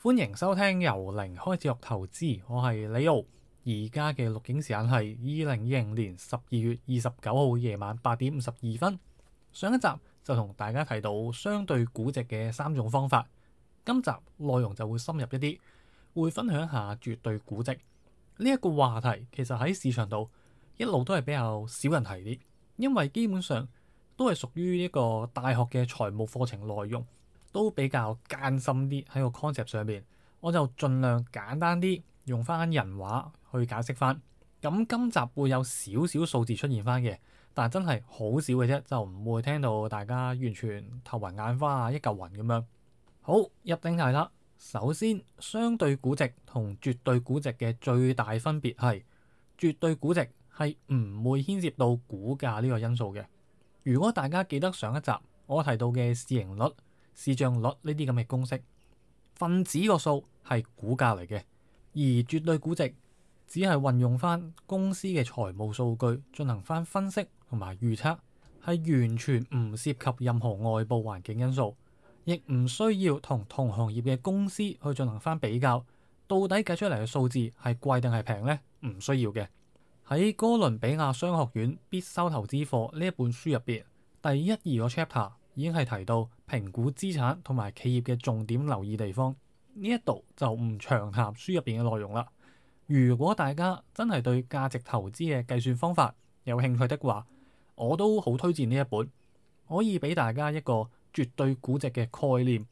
歡迎收聽由零開始學投資，我係李敖。而家嘅錄影時間係二零二零年十二月二十九號夜晚八點五十二分。上一集就同大家提到相對估值嘅三種方法，今集內容就會深入一啲，會分享一下絕對估值呢一個話題。其實喺市場度一路都係比較少人提啲，因為基本上都係屬於一個大學嘅財務課程內容。都比較艱深啲喺個 concept 上面，我就盡量簡單啲用翻人話去解釋翻。咁今集會有少少數字出現翻嘅，但真係好少嘅啫，就唔會聽到大家完全頭暈眼花啊，一嚿雲咁樣。好，入正題啦。首先，相對估值同絕對估值嘅最大分別係絕對估值係唔會牽涉到股價呢個因素嘅。如果大家記得上一集我提到嘅市盈率，市賬率呢啲咁嘅公式，分子個數係股價嚟嘅，而絕對估值只係運用翻公司嘅財務數據進行翻分析同埋預測，係完全唔涉及任何外部環境因素，亦唔需要同同行業嘅公司去進行翻比較。到底計出嚟嘅數字係貴定係平呢？唔需要嘅。喺哥倫比亞商學院必修投資課呢一本書入邊，第一二個 chapter。已經係提到評估資產同埋企業嘅重點留意地方，呢一度就唔詳談書入邊嘅內容啦。如果大家真係對價值投資嘅計算方法有興趣的話，我都好推薦呢一本，可以俾大家一個絕對估值嘅概念。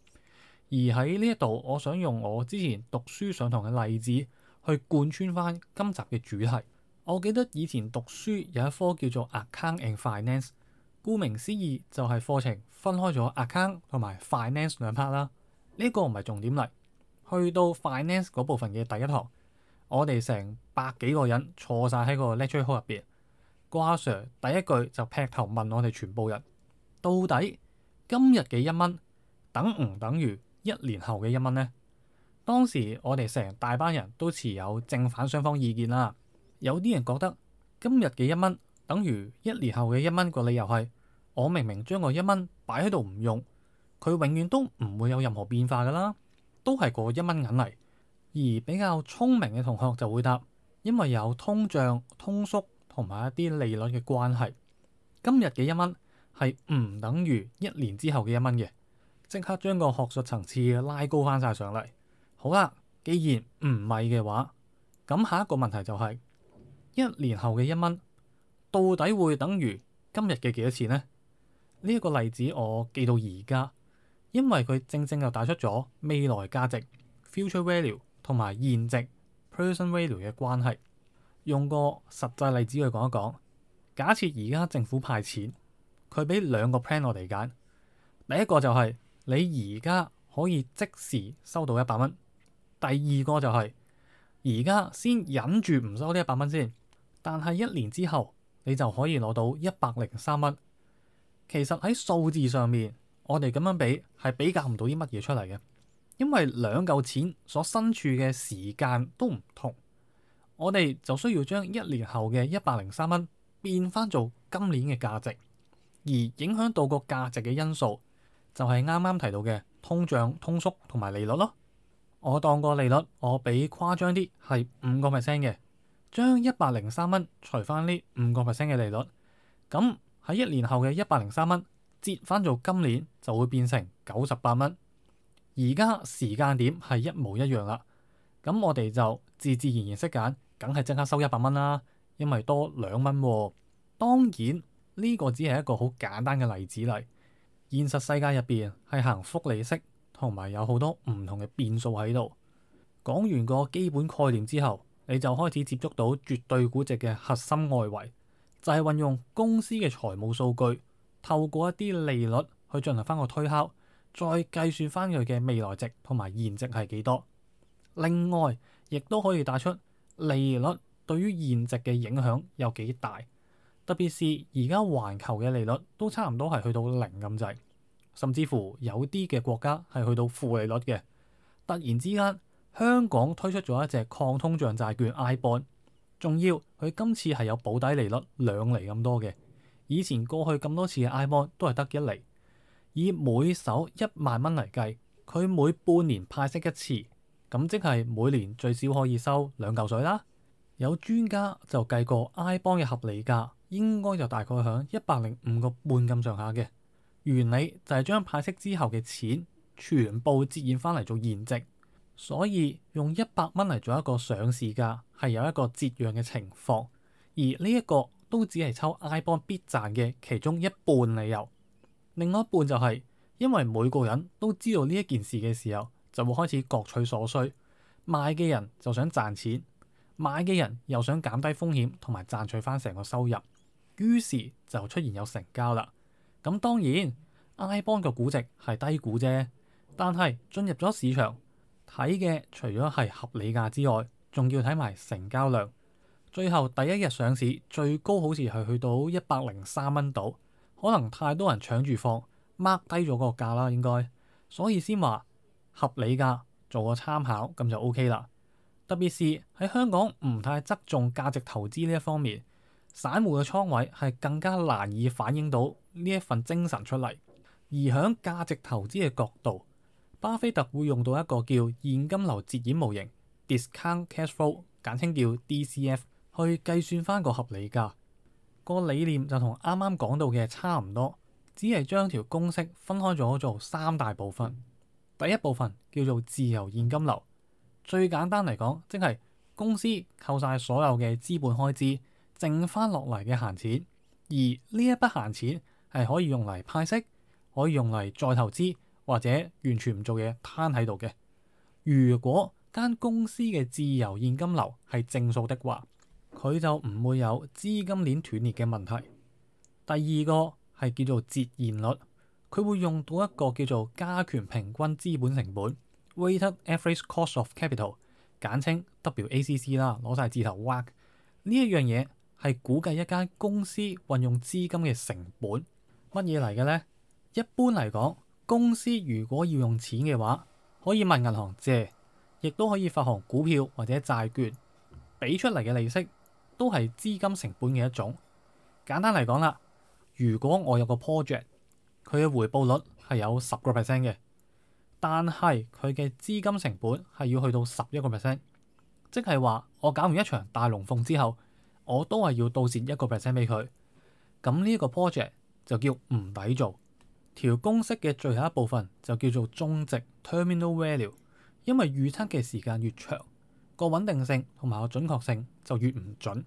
而喺呢一度，我想用我之前讀書上堂嘅例子去貫穿翻今集嘅主題。我記得以前讀書有一科叫做 Account and Finance。顧名思義就係課程分開咗 account 同埋 finance 兩 part 啦。呢個唔係重點嚟，去到 finance 嗰部分嘅第一堂，我哋成百幾個人坐晒喺個 lecture hall 入邊。瓜 sir 第一句就劈頭問我哋全部人，「到底今日嘅一蚊等唔等於一年後嘅一蚊呢？」當時我哋成大班人都持有正反雙方意見啦。有啲人覺得今日嘅一蚊等於一年後嘅一蚊，個理由係～我明明將個一蚊擺喺度唔用，佢永遠都唔會有任何變化噶啦，都係個一蚊銀嚟。而比較聰明嘅同學就會答，因為有通脹、通縮同埋一啲利率嘅關係，今日嘅一蚊係唔等於一年之後嘅一蚊嘅。即刻將個學術層次拉高翻晒上嚟。好啦，既然唔係嘅話，咁下一個問題就係：一年後嘅一蚊到底會等於今日嘅幾多錢呢？呢一個例子我記到而家，因為佢正正就打出咗未來價值 （future value） 同埋現值 p e r s o n t value） 嘅關係。用個實際例子去講一講，假設而家政府派錢，佢俾兩個 plan 我哋揀。第一個就係、是、你而家可以即時收到一百蚊；第二個就係而家先忍住唔收呢一百蚊先，但係一年之後你就可以攞到一百零三蚊。其實喺數字上面，我哋咁樣比係比較唔到啲乜嘢出嚟嘅，因為兩嚿錢所身處嘅時間都唔同，我哋就需要將一年後嘅一百零三蚊變翻做今年嘅價值，而影響到個價值嘅因素就係啱啱提到嘅通脹、通縮同埋利率咯。我當個利率，我比誇張啲係五個 percent 嘅，將一百零三蚊除翻呢五個 percent 嘅利率，咁。喺一年後嘅一百零三蚊，折翻做今年就會變成九十八蚊。而家時間點係一模一樣啦，咁我哋就自自然然識揀，梗係即刻收一百蚊啦，因為多兩蚊喎。當然，呢個只係一個好簡單嘅例子嚟，現實世界入邊係行複利式，同埋有好多唔同嘅變數喺度。講完個基本概念之後，你就開始接觸到絕對估值嘅核心外圍。就係運用公司嘅財務數據，透過一啲利率去進行翻個推敲，再計算翻佢嘅未來值同埋現值係幾多。另外，亦都可以帶出利率對於現值嘅影響有幾大，特別是而家環球嘅利率都差唔多係去到零咁滯，甚至乎有啲嘅國家係去到負利率嘅。突然之間，香港推出咗一隻抗通脹債券 iBond。I 仲要佢今次係有保底利率兩厘咁多嘅，以前過去咁多次嘅 iBond 都係得一厘。以每手一萬蚊嚟計，佢每半年派息一次，咁即係每年最少可以收兩嚿水啦。有專家就計過 iBond 嘅合理價，應該就大概響一百零五個半咁上下嘅。原理就係將派息之後嘅錢全部折現翻嚟做現值。所以用一百蚊嚟做一個上市價，係有一個折讓嘅情況。而呢一個都只係抽 i 幫必賺嘅其中一半理由，另外一半就係因為每個人都知道呢一件事嘅時候，就會開始各取所需。買嘅人就想賺錢，買嘅人又想減低風險同埋賺取翻成個收入。於是就出現有成交啦。咁當然 i 幫嘅估值係低估啫，但係進入咗市場。睇嘅除咗係合理價之外，仲要睇埋成交量。最後第一日上市最高好似係去到一百零三蚊度，可能太多人搶住放，mark 低咗個價啦，應該。所以先話合理價做個參考咁就 O K 啦。特別是喺香港唔太側重價值投資呢一方面，散戶嘅倉位係更加難以反映到呢一份精神出嚟，而響價值投資嘅角度。巴菲特會用到一個叫現金流折現模型 （Discount Cash Flow），簡稱叫 DCF，去計算翻個合理價。個理念就同啱啱講到嘅差唔多，只係將條公式分開咗做三大部分。第一部分叫做自由現金流，最簡單嚟講，即係公司扣晒所有嘅資本開支，剩翻落嚟嘅閒錢，而呢一筆閒錢係可以用嚟派息，可以用嚟再投資。或者完全唔做嘢，攤喺度嘅。如果間公司嘅自由現金流係正數的話，佢就唔會有資金鏈斷裂嘅問題。第二個係叫做折現率，佢會用到一個叫做加權平均資本成本 w a i g h t e d Average Cost of Capital），簡稱 WACC 啦，攞晒字頭挖，呢一樣嘢係估計一間公司運用資金嘅成本。乜嘢嚟嘅呢？一般嚟講。公司如果要用錢嘅話，可以問銀行借，亦都可以發行股票或者債券，俾出嚟嘅利息都係資金成本嘅一種。簡單嚟講啦，如果我有個 project，佢嘅回報率係有十個 percent 嘅，但係佢嘅資金成本係要去到十一個 percent，即係話我搞完一場大龍鳳之後，我都係要倒蝕一個 percent 俾佢。咁呢個 project 就叫唔抵做。條公式嘅最後一部分就叫做終值 （terminal value），因為預測嘅時間越長，個穩定性同埋個準確性就越唔準，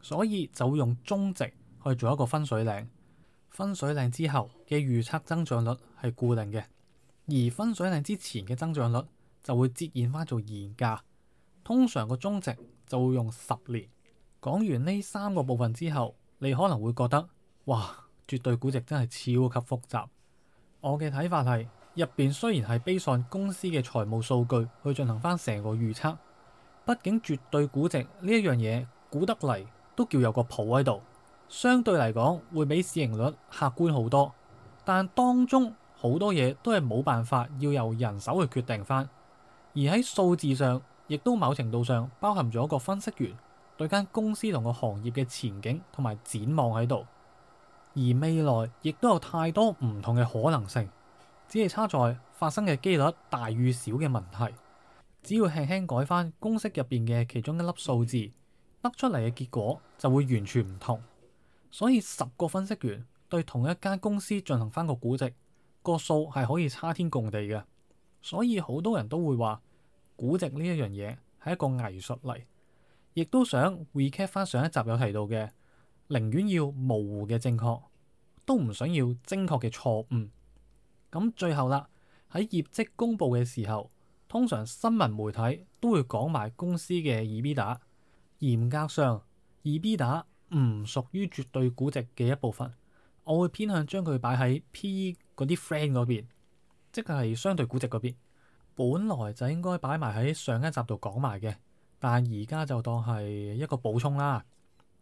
所以就會用終值去做一個分水嶺。分水嶺之後嘅預測增長率係固定嘅，而分水嶺之前嘅增長率就會折現翻做現價。通常個終值就會用十年。講完呢三個部分之後，你可能會覺得哇，絕對估值真係超級複雜。我嘅睇法係，入邊雖然係 base on 公司嘅財務數據去進行翻成個預測，畢竟絕對估值呢一樣嘢估得嚟都叫有個譜喺度，相對嚟講會比市盈率客觀好多。但當中好多嘢都係冇辦法，要由人手去決定翻，而喺數字上亦都某程度上包含咗一個分析員對間公司同個行業嘅前景同埋展望喺度。而未來亦都有太多唔同嘅可能性，只係差在發生嘅幾率大與小嘅問題。只要輕輕改翻公式入邊嘅其中一粒數字，得出嚟嘅結果就會完全唔同。所以十個分析員對同一間公司進行翻個估值，個數係可以差天共地嘅。所以好多人都會話，估值呢一樣嘢係一個藝術嚟，亦都想 recap 翻上，上一集有提到嘅。寧願要模糊嘅正確，都唔想要精確嘅錯誤。咁最後啦，喺業績公佈嘅時候，通常新聞媒體都會講埋公司嘅 EBITDA。嚴格上，EBITDA 唔屬於絕對估值嘅一部分，我會偏向將佢擺喺 PE 嗰啲 friend 嗰邊，即係相對估值嗰邊。本來就應該擺埋喺上一集度講埋嘅，但而家就當係一個補充啦。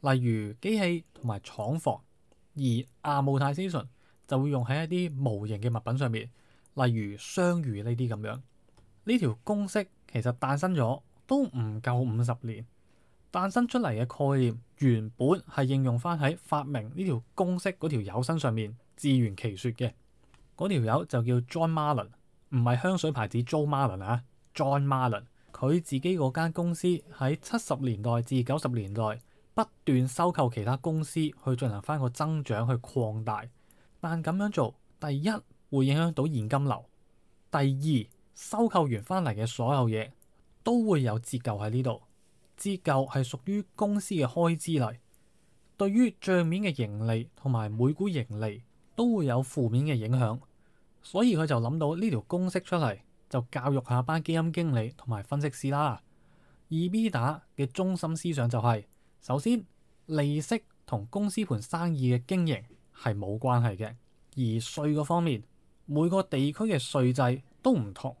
例如機器同埋廠房，而 Amortization 就會用喺一啲模型嘅物品上面，例如商譽呢啲咁樣。呢條公式其實誕生咗都唔夠五十年，誕生出嚟嘅概念原本係應用翻喺發明呢條公式嗰條友身上面，自圓其説嘅嗰條友就叫 John Marlin，唔係香水牌子 Jo Marlin 啊，John Marlin 佢自己嗰間公司喺七十年代至九十年代。不斷收購其他公司去進行翻個增長去擴大，但咁樣做第一會影響到現金流，第二收購完翻嚟嘅所有嘢都會有折舊喺呢度，折舊係屬於公司嘅開支嚟，對於賬面嘅盈利同埋每股盈利都會有負面嘅影響，所以佢就諗到呢條公式出嚟，就教育下班基金經理同埋分析師啦。EBITDA 嘅中心思想就係、是。首先，利息同公司盤生意嘅經營係冇關係嘅。而稅個方面，每個地區嘅稅制都唔同，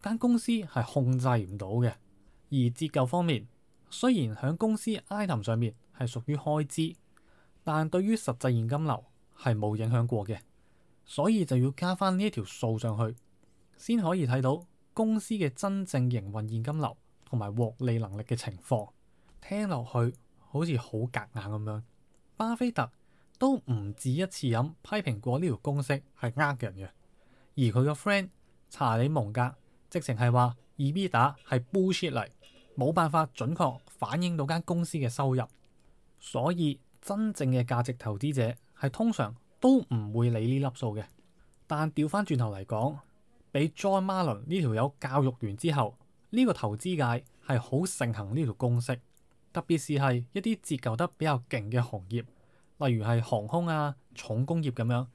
間公司係控制唔到嘅。而折舊方面，雖然響公司 item 上面係屬於開支，但對於實際現金流係冇影響過嘅，所以就要加翻呢一條數上去，先可以睇到公司嘅真正營運現金流同埋獲利能力嘅情況。聽落去。好似好夾硬咁樣，巴菲特都唔止一次咁批評過呢條公式係呃人嘅，而佢個 friend 查理蒙格直情係話 EBITDA 係 bullshit 嚟，冇辦法準確反映到間公司嘅收入，所以真正嘅價值投資者係通常都唔會理呢粒數嘅。但調翻轉頭嚟講，俾 John Marlon 呢條友教育完之後，呢個投資界係好盛行呢條公式。特別是係一啲折舊得比較勁嘅行業，例如係航空啊、重工業咁樣，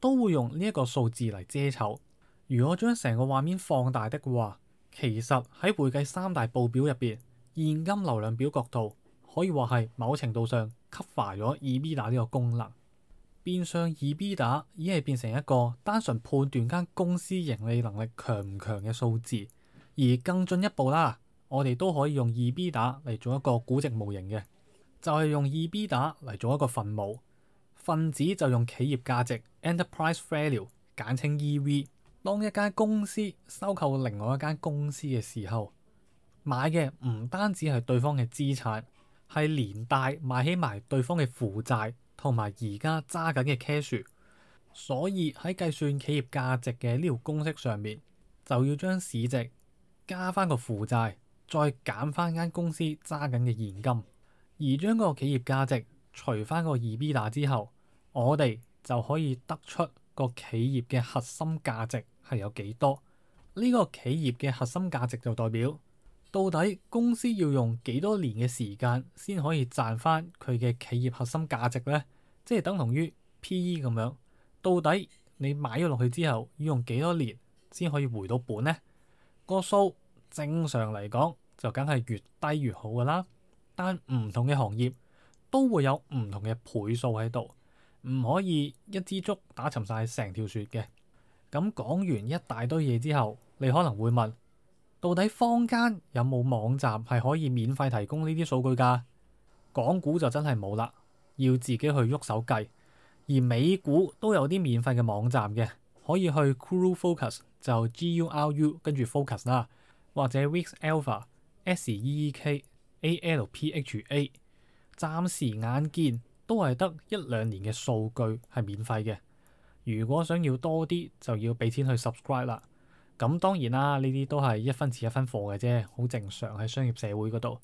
都會用呢一個數字嚟遮醜。如果將成個畫面放大的話，其實喺會計三大報表入邊，現金流量表角度可以話係某程度上吸化咗 EBITDA 呢個功能，變相 EBITDA 已經係變成一個單純判斷間公司盈利能力強唔強嘅數字，而更進一步啦。我哋都可以用 EBITDA 嚟做一個估值模型嘅，就係用 EBITDA 嚟做一個分母，分子就用企業價值 enterprise value 簡稱 EV。當一間公司收購另外一間公司嘅時候，買嘅唔單止係對方嘅資產，係連帶買起埋對方嘅負債同埋而家揸緊嘅 cash。所以喺計算企業價值嘅呢條公式上面，就要將市值加翻個負債。再減翻間公司揸緊嘅現金，而將個企業價值除翻個 EBITDA 之後，我哋就可以得出個企業嘅核心價值係有幾多？呢、呢個企業嘅核心價值就代表到底公司要用幾多年嘅時間先可以賺翻佢嘅企業核心價值呢？即係等同於 P.E. 咁樣，到底你買咗落去之後要用幾多年先可以回到本呢？個數。正常嚟講就梗係越低越好噶啦，但唔同嘅行業都會有唔同嘅倍數喺度，唔可以一支竹打沉晒成條船嘅。咁講完一大堆嘢之後，你可能會問，到底坊間有冇網站係可以免費提供呢啲數據㗎？港股就真係冇啦，要自己去喐手計，而美股都有啲免費嘅網站嘅，可以去 GuruFocus 就 GURU 跟住 Focus 啦。或者 Seek Alpha S E E K A L P H A，暫時眼見都係得一兩年嘅數據係免費嘅。如果想要多啲，就要俾錢去 subscribe 啦。咁當然啦，呢啲都係一分錢一分貨嘅啫，好正常喺商業社會嗰度。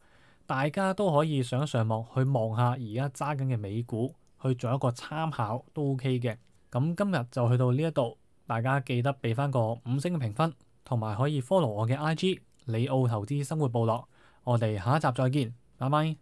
大家都可以上上網去望下而家揸緊嘅美股，去做一個參考都 OK 嘅。咁今日就去到呢一度，大家記得俾翻個五星嘅評分。同埋可以 follow 我嘅 IG 李奧投資生活部落，我哋下一集再見，拜拜。